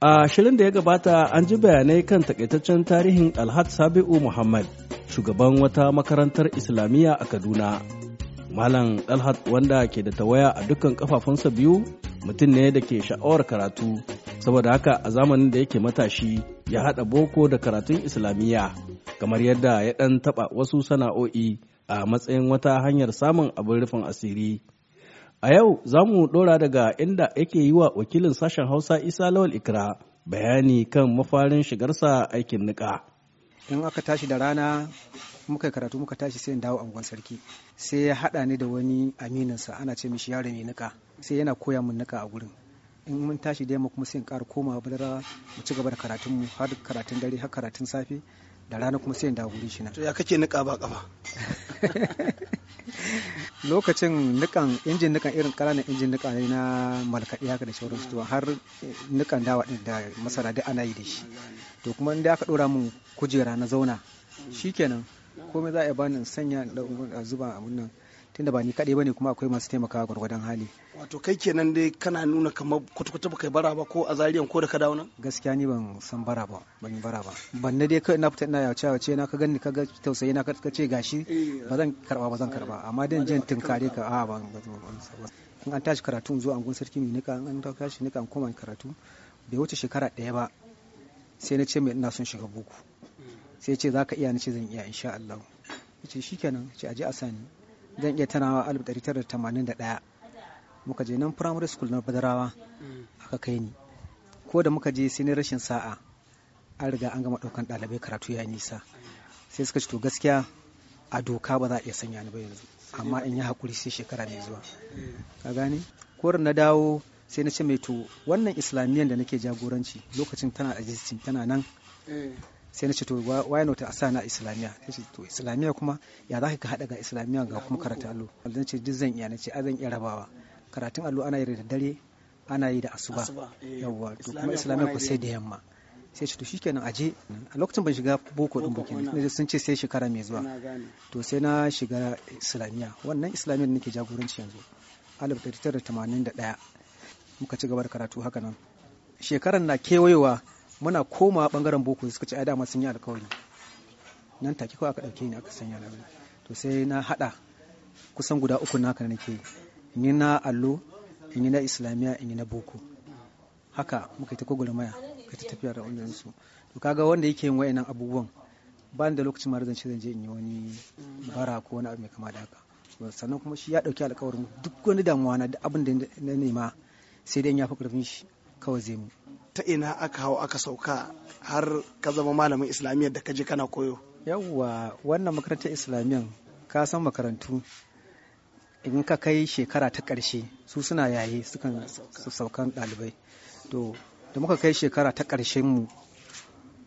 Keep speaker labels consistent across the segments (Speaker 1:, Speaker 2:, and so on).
Speaker 1: A shirin da ya gabata an ji bayanai kan takaitaccen tarihin Alhad Sabi'u Muhammad, shugaban wata makarantar Islamiyya a Kaduna. Malam Alhad wanda ke da tawaya a dukkan kafafunsa biyu mutum ne da ke sha'awar karatu, saboda haka a zamanin da yake matashi ya haɗa boko da karatun Islamiyya, kamar yadda ya ɗan taɓa wasu sana'o'i a matsayin wata hanyar samun abin rufin asiri. A yau za mu ɗora daga inda yake yi wa wakilin sashen Hausa Isa Lawal Ikra bayani kan mafarin shigarsa aikin nika
Speaker 2: In aka tashi da rana muka karatu muka tashi sai dawo angon sarki sai ya haɗa ni da wani amininsa ana ce mishi yare mai nika sai yana koya min nika a gurin in mun tashi da yamma kuma sai in ƙara komawa badara mu ci gaba da karatunmu har karatun dare har karatun safe da rana kuma sai in dawo gurin shi na. To
Speaker 1: ya kake niƙa ba kafa.
Speaker 2: lokacin nikan injin nikan irin kananan injin nukan ne na malkaɗi haka da shauran su har eh, nikan dawa ɗin da masara duk ana yi da shi to kuma inda aka ɗora mun kujera na zauna shikenan komai za a bani sanya sanya zuba abin nan tunda ba ni kaɗai bane kuma akwai masu taimakawa gwargwadon hali
Speaker 1: wato kai kenan dai kana nuna kamar kwata-kwata baka bara ba ko a zariyan ko da ka dauna.
Speaker 2: gaskiya ni ban san bara ba ban yi bara ba ban na dai kai na fita ina yawace yawace na ka gani ka ga tausayi na ka ce gashi eh. ba zan karɓa ba zan karɓa amma dan jin tunkare ka a ban in an tashi karatu in zo an gun sarki mai nika an tashi nika an koma karatu bai wuce shekara ɗaya ba sai na ce mai ina son shiga boko hmm. sai ce za ka iya ni ce zan iya insha Allah ya ce shikenan ce aje a sani zan iya tanawa 1981 muka je nan primary school na badarawa aka kai ni ko da muka je sai ne rashin sa'a an riga an gama ɗaukan ɗalibai karatu ya nisa sai suka ci to gaskiya a doka ba za a iya sanya ni ba yanzu amma in yi hakuri sai shekara mai zuwa ka gane korin na dawo sai na ce mai to wannan islamiyyar da nake jagoranci lokacin tana existing tana nan eh. sai na ce to why not a sana islamiya sai ce to islamiya kuma ya za ka haɗa ga islamiya ga kuma karatu allo zan ce duk zan iya na ce a zan iya rabawa karatun allo ana yi da dare ana yi da asuba eh. yawwa to kuma islamiya ko sai da yamma sai ce to shikenan aje a lokacin ban shiga boko din bukin ne sun ce sai shekara mai zuwa to sai na shiga islamiya wannan islamiyar nake jagoranci yanzu 1981 muka ci gaba da karatu haka nan Shekaran na kewayewa muna koma bangaren boko suka ce ai dama sun yi alkawari nan take kawai aka dauke ni aka sanya labari to sai na hada kusan guda uku naka nake ni na allo in na islamiya in na boko haka muka ta ta maya ka ta tafiya da wannan su to kaga wanda yake yin wayannan abubuwan ba da lokacin ma zan ce zan je in yi wani bara ko wani abu mai kama da haka sannan kuma shi ya dauki alkawarin duk wani damuwa na da abin da na nema sai dai in ya fi karfin shi kawai zai mu ta ina aka hau aka sauka har ka zama malamin islamiyyar da ka je kana koyo yawwa wannan makarantar islamiyyar ka san makarantu in ka kai shekara ta ƙarshe su suna yaye sukan saukan ɗalibai to da muka kai shekara ta ƙarshen mu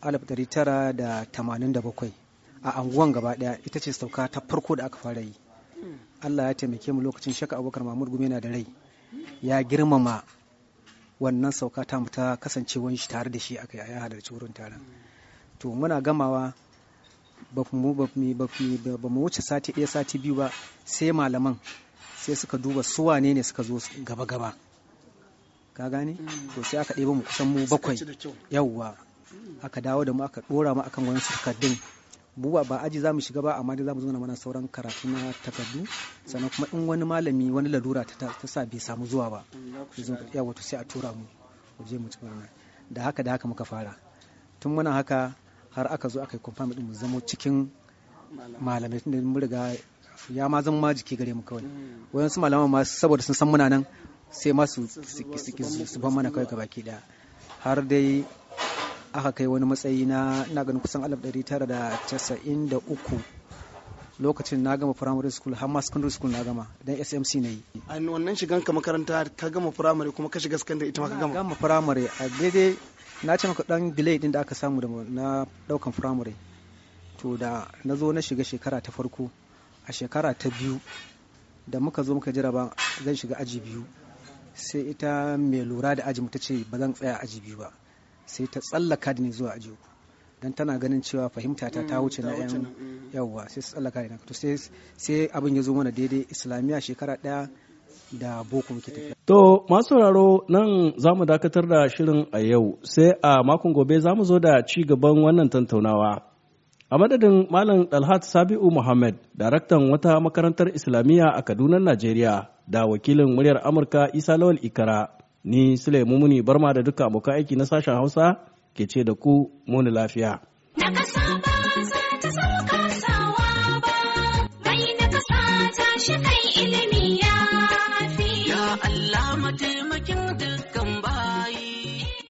Speaker 2: 1987 a anguwan gaba ɗaya ita ce sauka ta farko da aka fara yi hmm. Allah ya taimake mu lokacin shaka abokan mahmud gumi na da rai ya girmama wannan sauka ta ta kasancewan shi tare da shi aka yi a halarci wurin taron to muna gamawa ba mu wuce sati ɗaya sati biyu ba sai malaman sai suka duba su wane ne suka zo gaba gaba ka gane mm. to sai aka ɗebe mu kusan mu bakwai yawwa aka dawo da mu aka ɗora mu akan wani takardun buwa ba aji za mu shiga ba amma dai za mu zauna mana sauran karatu na takardu sannan kuma in wani malami wani lalura ta sa bai samu zuwa ba ya wato sai a tura mu waje mu cikin da haka da haka muka fara tun muna haka har aka zo aka yi confirm din mu zamo cikin malamai tun da mun riga ya ma zama ma jiki gare mu kawai wayansu malaman ma saboda sun san muna nan sai ma su su ban mana kawai baki daya har dai aka kai wani matsayi na na ganin kusan 1993 lokacin na gama primary school har ma secondary school na gama don SMC na yi a wannan shigan ka makaranta ka gama primary kuma ka shiga secondary ita ma ka gama gama primary a daidai na ce maka dan delay din da aka samu da na daukan primary to da na zo na shiga shekara ta farko a shekara ta biyu da muka zo muka jira ba zan shiga aji biyu sai ita mai lura da aji ta ce ba zan tsaya aji biyu ba sai ta tsallaka da ni zuwa ajiyo don tana ganin cewa fahimta ta ta mm, wuce na yan mm. yawwa sai su tsallaka da sai abin ya zo mana daidai islamiyya shekara daya da boko muke tafiya.
Speaker 1: To masu sauraro nan za mu dakatar da shirin a yau sai a makon gobe za mu zo da ci gaban wannan tantaunawa. A madadin Malam Dalhat Sabi'u Muhammad, daraktan wata makarantar Islamiyya a Kaduna, Najeriya, da wakilin muryar Amurka Isa Lawal Ikara Ni Sule Mumuni Barma da duka abokan aiki na sashen Hausa ke ce da ku muni lafiya.
Speaker 2: Na